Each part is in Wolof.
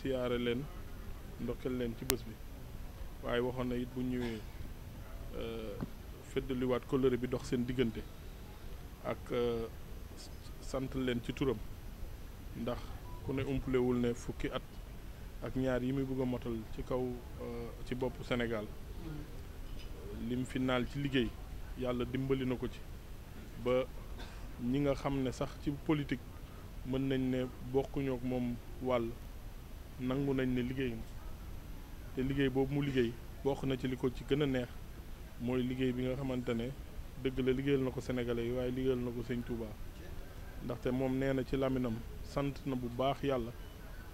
siyaare leen ndokkeel leen ci bés bi waaye waxoon na it bu ñëwee euh, feddaliwaat kóllëre bi dox seen diggante ak euh, sant leen ci turam ndax ku ne umpulewul ne fukki at ak ñaar yi muy bëgg a ci kaw euh, ci boppu Sénégal lim fi naal ci liggéey yàlla dimbali na ko ci ba ñi nga xam ne sax ci politique mën nañ ne bokkuñoo moom wàll nangu nañ ne liggéey na te liggéey boobu mu liggéey bokk na ci li ko ci gën a neex mooy liggéey bi nga xamante ne dëgg la liggéeyal na ko sénégalais yi waaye liggéeyal na ko sëñ Touba ndaxte moom nee na ci laminam sant na bu baax yàlla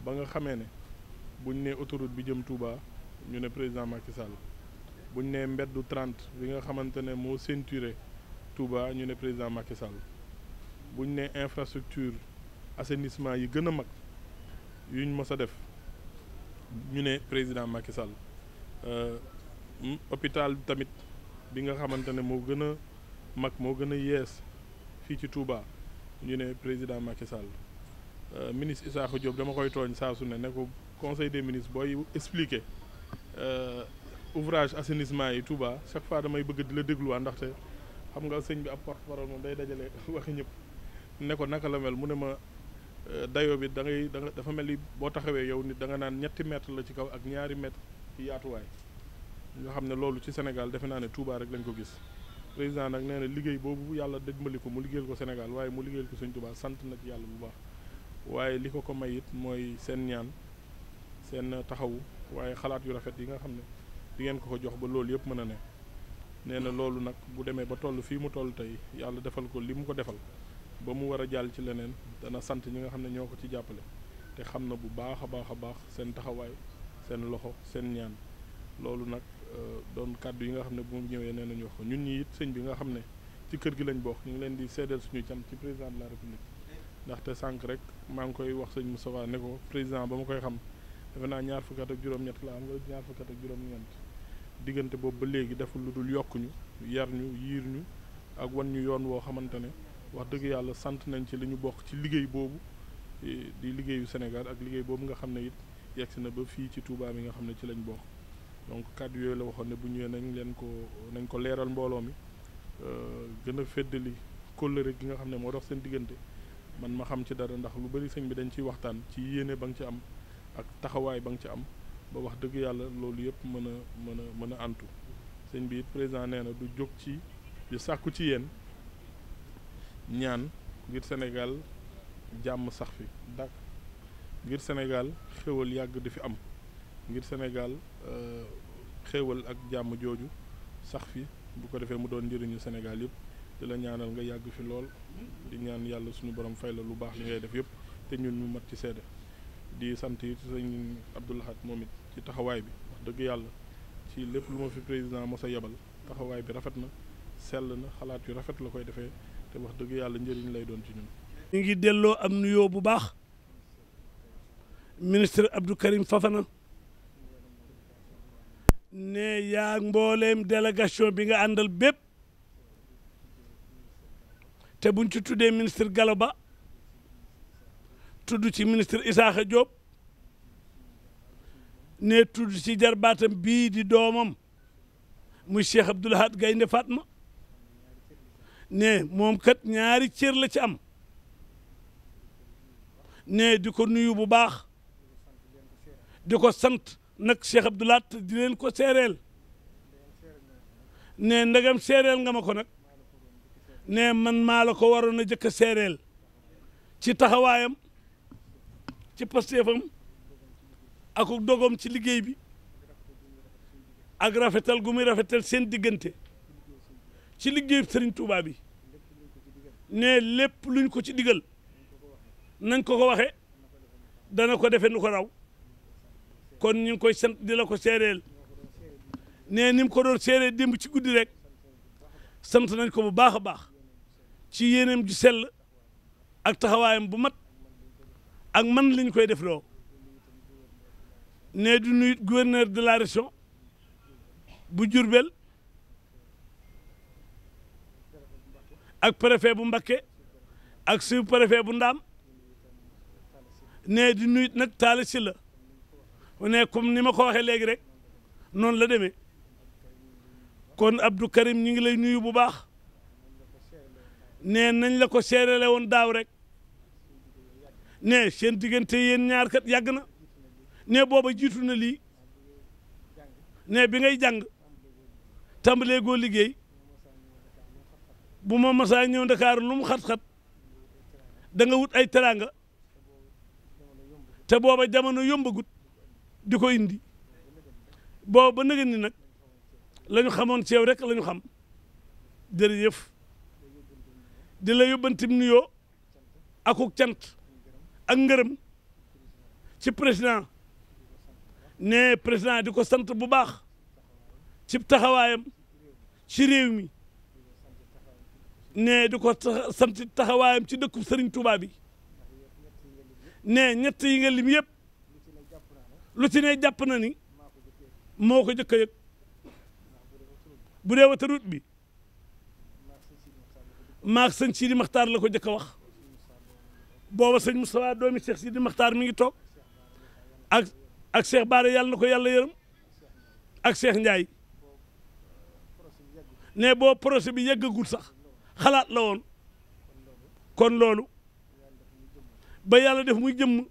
ba nga xamee ne buñ ne autoroute bi jëm Touba ñu ne président Macky Sall buñ nee mbeddu 30 bi nga xamante ne moo ceinturé Touba ñu ne président Macky Sall buñ nee infrastructure assainissement yi gën a mag yuñ mës a def ñu ne président Macky Sall euh, hôpital tamit bi nga xamante ne moo gën a mag moo gën a yees fii ci Touba ñu ne président Macky Sall euh, ministre Issakha Diop dama koy tooñ saa su ne ne ko conseil des ministres booy expliquer euh, ouvrage assainissement yi Touba chaque fois damay bëgg di la dégluwaat ndaxte xam nga sëñ bi ab porte-parole moom day dajale waxi ñëpp ne ko naka la mel mu ne ma. Euh, dayoo bi da da nga dafa mel ni boo taxawee yow nit danga naan ñetti mètre la ci kaw ak ñaari mètre ci yaatuwaay nga xam ne loolu ci Sénégal defe naa ne Touba rek lañ ko gis président nag nee liggéey boobu yàlla dëgmali ko mu liggéeyal ko Sénégal waaye mu liggéeyal ko Sëñ Touba sant na ci yàlla bu baax waaye li ko ko may it mooy seen ñaan seen taxawu waaye xalaat yu rafet yi nga xam ne di ngeen ko ko jox ba loolu yëpp mën a ne nee na loolu nag bu demee ba toll fii mu toll tey yàlla defal ko li mu ko defal ba mu war a jàll ci leneen dana sant ñi nga xam ne ñoo ko ci jàppale te xam na bu baax a baax a baax seen taxawaay seen loxo seen ñaan loolu nag euh, doon kàddu yi nga xam ne bu mu ñëwee nee nañu wax ko ñun ñi it sëñ bi nga xam ne ci kër gi lañ bokk ñu ngi leen di seedeel suñu cam ci président de la république ndaxte sànq rek maa ngi koy wax sëñ Moustapha ne ko président ba ma koy xam defe naa ñaar fukki at ak juróom-ñett la am nga ñaar fukki ak juróom boobu ba léegi deful lu dul yokkuñu yar ñu yiir ak wan ñu yoon woo xamante ne wax dëgg yàlla sant nañ ci li ñu bokk ci liggéey boobu di liggéeyu Sénégal ak liggéey boobu nga xam ne it yegsi na ba fii ci Touba mi nga xam ne ci lañ bokk donc kàddu yooyu la waxoon ne bu ñëwee nañ leen ko nañ ko leeral mbooloo mi euh, gën a feddali kóllëre gi nga xam ne moo dox seen diggante man ma xam ci dara ndax lu bari sëñ bi dañ ciy waxtaan ci yéene ba nga ci am ak taxawaay ba nga ci am ba wax dëgg yàlla loolu yëpp mën a mën a mën a antu sëñ bi it président nee na du jóg ci sàkku ci yéen ñaan ngir Sénégal jàmm sax fi dàkk ngir Sénégal xéwal yàgg di fi am ngir Sénégal euh, xéwal ak jàmm jooju sax fi bu ko defee mu doon njëriñu Sénégal yëpp di la ñaanal nga yàgg fi lool di ñaan yàlla suñu borom fay la lu baax li ngay def yëpp te ñun ñu mat ci seede di sant it sëñ Abdou Lahad moom it ci taxawaay bi wax dëgg yàlla ci lépp lu ma fi président mos yebal taxawaay bi rafet na sell na xalaat yu rafet la koy defee te wax dëgg yàlla njëriñ lay doon ci ñun. ñu ngi delloo am nuyoo bu baax ministre Abdou Karim Fafana ne yaa mbooleem délégation bi nga andal bépp te buñ ci tuddee ministre Gallo Ba ci ministre Isaaxa Diop ne tudd ci jarbaatam bii di doomam muy Cheikh Abdoul Ahad Gaynde Fatma ne moom kat ñaari cër la ci am ne di ko nuyu bu baax di ko sant nag Cheikh Abdou Lahat di leen ko seereel ne ndegam seereel ngama ko nag ne man maa la ko waroon a jëkk a seereel ci taxawaayam ci pasteefam ak dogom ci liggéey bi ak rafetal gu muy rafetal seen diggante ci liggéey sëriñ Touba bi ne lépp luñ ko ci diggal nañ ko ko waxee dana ko defee nu ko raw kon ñu ngi koy sant di ko seereel ne nim mu ko doon seeree démb ci guddi rek sant nañ ko bu baax a baax ci yéeneem ju sell ak taxawaayam bu mat ak man liñ koy def loo ne du nuyu gouverneur de la région bu Diourbel ak préfet bu Mbakke ak sous préfet bu Ndaam ne di nuyu nag Talla Sylla ne comme ni ma ko waxee léegi rek noonu la demee kon Abdou Karim ñu ngi lay nuyu bu baax ne nañ la ko seerele woon daaw rek ne seen diggante yéen ñaar kat yàgg na ne booba jiitu na lii ne bi ngay jàng tàmbaleegoo liggéey bu ma masaa ñëw Dakar lu mu xat danga wut ay teraanga te booba jamono yombagut di ko indi booba ba nëgën ni lañu xamoon ci yow rek la ñu xam jërëjëf di la yóbbantim nuyoo akuk cant ak ngërëm ci président ne président di ko sant bu baax ci taxawaayam ci réew mi ne di ko sant taxawaayam ci dëkku sëriñ Touba bi ne ñett yi nga lim yëpp lu ci ne jàpp na ni moo ko jëkk yëg bu dee wataruut bi maak sëñ Sidi Maxtaar la ko jëkk a wax booba sëñ Moustapha doomi Cheikh Sidi Maxtaar mi ngi toog ak ak Cheikh Baara yàlla na ko yàlla yërëm ak Cheikh Ndiaye ne boo projet bi yeggagul sax xalaat la woon kon loolu ba yàlla def muy jëmm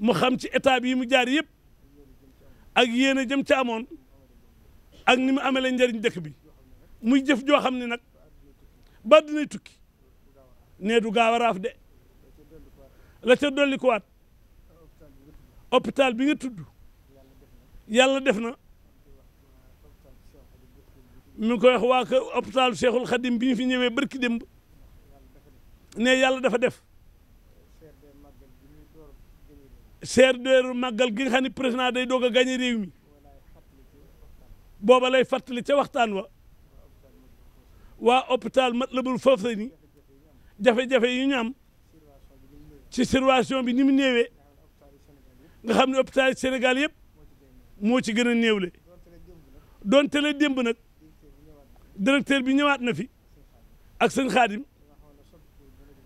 mu xam ci état yi mu jaar yépp ak yéen a jëm ca amoon ak ni mu amalee njëriñ dëkk bi muy jëf joo xam ne nag ba dinay tukki nee du gaaw raaf de la ca dolli ko waat hôpital bi nga tudd yàlla def na mu ngi koy wax waa kër hôpital Cheikhul Khadim bi fi ñëwee barki démb ne yàlla dafa def CRD màggal gi nga xam président day doog a gagné réew mi booba lay fàttali ca waxtaan wa waa hôpital Matlaboul Fawzayni jafe-jafe yi ñam am ci situation bi ni mu néewee nga xam ne hôpital Sénégal yëpp moo ci gën a néewle donte la démb nag. directeur bi ñëwaat na fi ak seen xaadim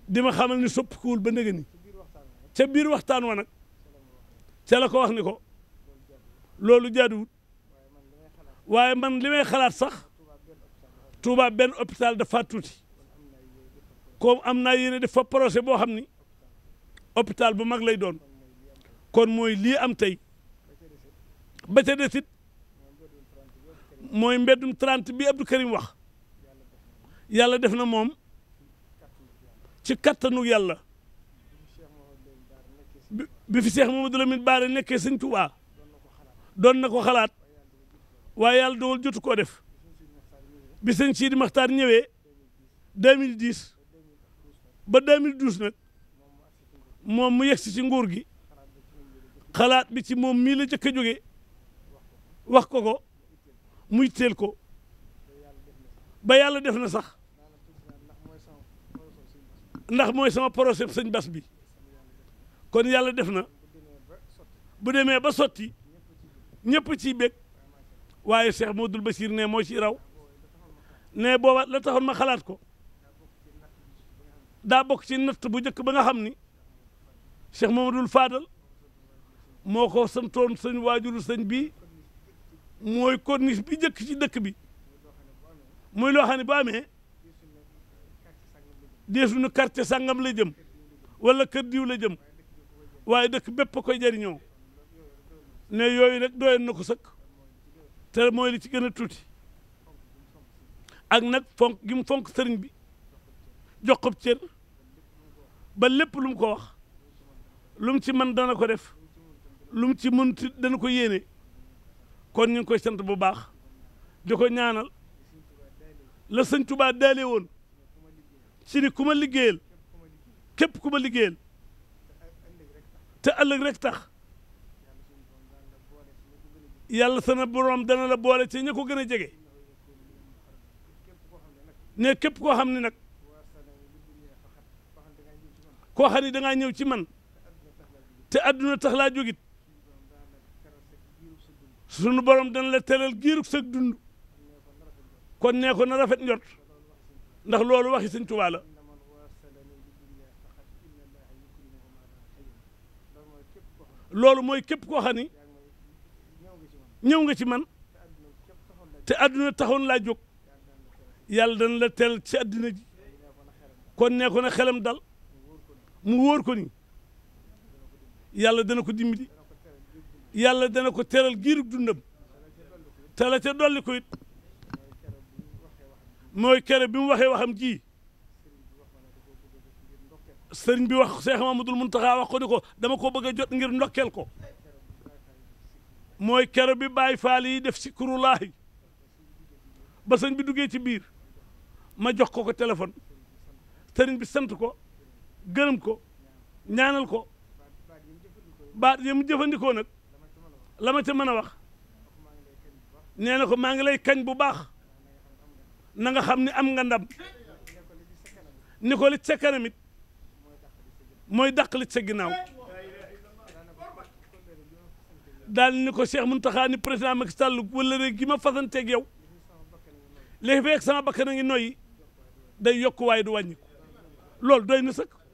di ma xamal ni soppikuwul ba ndëgë ni ca biir waxtaan wa nag ca la ko wax ni ko loolu jaaduwut waaye man li may xalaat sax Touba benn hôpital dafa tuuti comme am naa yéene def fa projet boo xam ni hôpital bu mag lay doon kon mooy lii am tey ba ca desit mooy mbeddum 30 bi Abdou Karim wax yàlla def na moom ci kattanu yàlla bi fi Cheikh Mamadou Lamine Bara nekkee sëñ Touba doon na ko xalaat waaye yàlla dogal jotu koo def bi sëñ Sidi Maxtaar ñëwee 2010 ba 2012 nag moom mu yegsi ci nguur gi xalaat bi ci moom mii la jëkk jóge wax ko ko muy teel ko ba yàlla def na sax ndax mooy sama projet sëñ bas bi kon yàlla def na bu demee ba sotti ñëpp ciy bég waaye Cheikh Modou Bachir ne moo ci raw ne booba la taxoon ma xalaat ko daa bokk ci natt bu njëkk ba nga xam ni Cheikh Mamadou Fadal moo ko santoon sëñ waajuru sëñ bii mooy corniche bi njëkk ci dëkk bi muy loo xam ne bu amee deesu nu quartier sangam la jëm wala kër diw la jëm waaye dëkk bépp koy jariñoo ne yooyu nag doyoon na ko sëkk te mooy li ci gën a tuuti ak nag fonk gi fonk sëriñ bi jox ko cër ba lépp lum ko wax lum ci mën dana ko def lum ci mënut dana ko yéene. kon ñu ngi koy sant bu baax di ko ñaanal la sëñ Tuubaa daale woon si kuma ku ma liggéeyal képp ku ma liggéeyal te ëllëg rek tax yàlla sana borom dana la boole ci ña ko gën a jege ne képp koo xam ne nag koo xam ne dangaa ñëw ci man te adduna tax laa jógit sunu borom dana la tëral giirug sag dund kon nee ko na rafet njot ndax loolu waxi sëñ Tuubaa la loolu mooy képp koo xam ni ñëw nga ci man te àdduna taxoon laa jóg yàlla dana la teel ci àdduna ji kon nee ko na xelam dal mu wóor ko ni yàlla dana ko dimbali يلا دنا كتير الجير جنب ثلاثة دول كويت موي كربين وحي وهم جي سرين بي وخ شيخ محمود المنتقى واخو نكو دما كو بغا جوت غير نوكل كو موي كربي باي فالي ديف شكر الله با سن بي دوجي تي بير ما جوخ كوكو تليفون سرين بي سنت كو غنم كو نانال بعد يم جيفانديكو نك la ma ca mën a wax nee na ko maa ngi lay kañ bu baax na nga xam ni am nga ndam ni ko li ca mooy dàq li ca ginnaaw daal ni ko Cheikh Mountakha ni président Macky Sall wala rek gi ma fasanteeg yow léegi feeg sama bakkan ngi noy day yokk waay du wàññiku loolu doy na sëkk